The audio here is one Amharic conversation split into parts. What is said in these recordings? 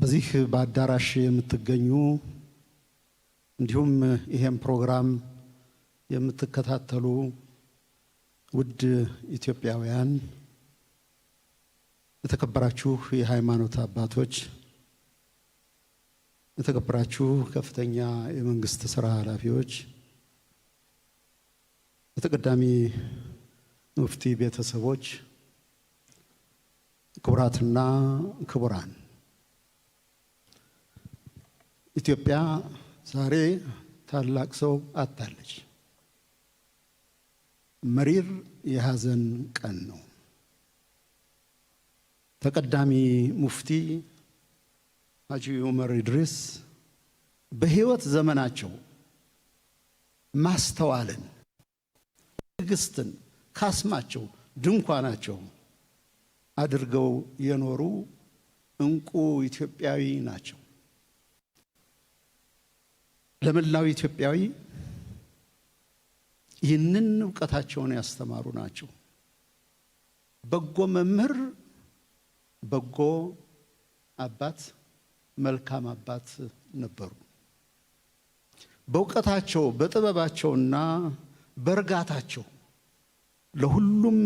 በዚህ በአዳራሽ የምትገኙ እንዲሁም ይሄን ፕሮግራም የምትከታተሉ ውድ ኢትዮጵያውያን፣ የተከበራችሁ የሃይማኖት አባቶች፣ የተከበራችሁ ከፍተኛ የመንግስት ስራ ኃላፊዎች፣ የተቀዳሚ ሙፍቲ ቤተሰቦች፣ ክቡራትና ክቡራን ኢትዮጵያ ዛሬ ታላቅ ሰው አጣለች። መሪር የሐዘን ቀን ነው። ተቀዳሚ ሙፍቲ ሐጂ ዑመር ኢድሪስ በሕይወት ዘመናቸው ማስተዋልን፣ ትዕግስትን ካስማቸው ድንኳናቸው አድርገው የኖሩ እንቁ ኢትዮጵያዊ ናቸው። ለመላው ኢትዮጵያዊ ይህንን እውቀታቸውን ያስተማሩ ናቸው። በጎ መምህር፣ በጎ አባት፣ መልካም አባት ነበሩ። በእውቀታቸው በጥበባቸውና በእርጋታቸው ለሁሉም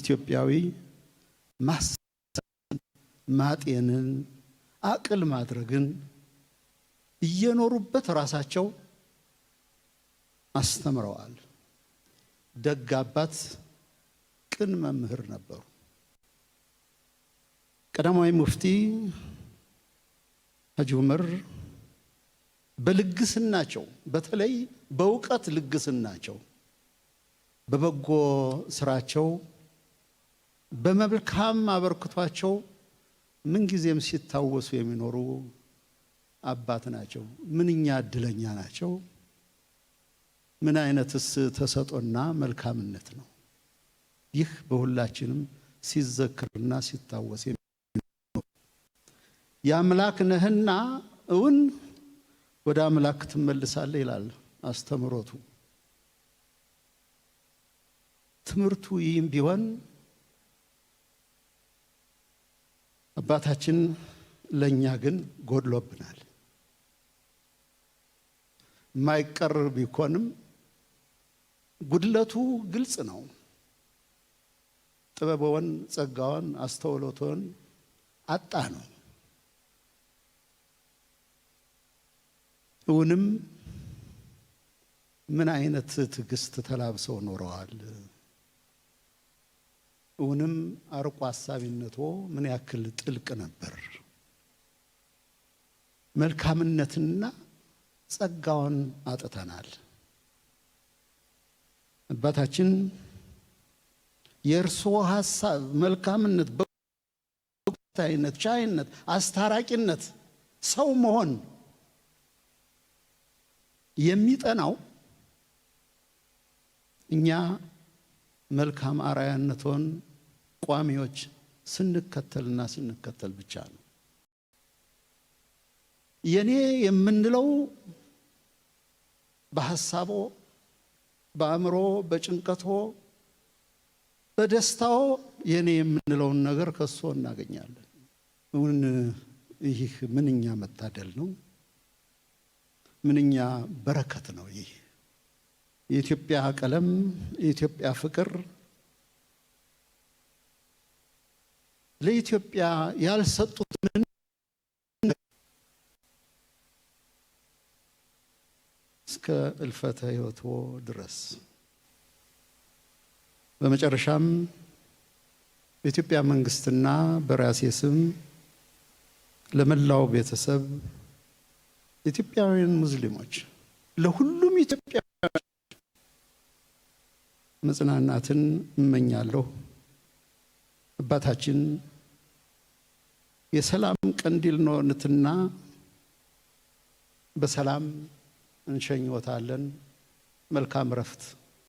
ኢትዮጵያዊ ማሰብን፣ ማጤንን፣ አቅል ማድረግን እየኖሩበት ራሳቸው አስተምረዋል። ደግ አባት፣ ቅን መምህር ነበሩ። ቀዳማዊ ሙፍቲ ሀጂ ዑመር በልግስናቸው በተለይ በእውቀት ልግስናቸው፣ በበጎ ስራቸው፣ በመልካም አበርክቷቸው ምንጊዜም ሲታወሱ የሚኖሩ አባት ናቸው። ምንኛ እድለኛ ናቸው! ምን አይነትስ ተሰጦና መልካምነት ነው! ይህ በሁላችንም ሲዘክርና ሲታወስ የአምላክ ነህና እውን ወደ አምላክ ትመልሳለህ ይላል አስተምሮቱ። ትምህርቱ ይህም ቢሆን አባታችን ለእኛ ግን ጎድሎብናል። የማይቀር ቢኮንም ጉድለቱ ግልጽ ነው። ጥበበውን፣ ጸጋውን፣ አስተውሎቶን አጣ ነው። እውንም ምን አይነት ትዕግስት ተላብሰው ኖረዋል? እውንም አርቆ ሀሳቢነቶ ምን ያክል ጥልቅ ነበር? መልካምነትና ጸጋውን አጥተናል። አባታችን የእርስዎ ሀሳብ መልካምነት፣ በታይነት፣ ቻይነት፣ አስታራቂነት፣ ሰው መሆን የሚጠናው እኛ መልካም አርአያነቶን ቋሚዎች ስንከተልና ስንከተል ብቻ ነው። የኔ የምንለው በሐሳቦ፣ በአእምሮ፣ በጭንቀቶ፣ በደስታዎ የኔ የምንለውን ነገር ከሶ እናገኛለን። እውን ይህ ምንኛ መታደል ነው! ምንኛ በረከት ነው! ይህ የኢትዮጵያ ቀለም፣ የኢትዮጵያ ፍቅር፣ ለኢትዮጵያ ያልሰጡት ምን እስከ እልፈተ ህይወቱ ድረስ። በመጨረሻም በኢትዮጵያ መንግስትና በራሴ ስም ለመላው ቤተሰብ ኢትዮጵያውያን ሙስሊሞች፣ ለሁሉም ኢትዮጵያውያን መጽናናትን እመኛለሁ። አባታችን የሰላም ቀንዲል ነዎትና በሰላም እንሸኝዎታለን። መልካም እረፍት።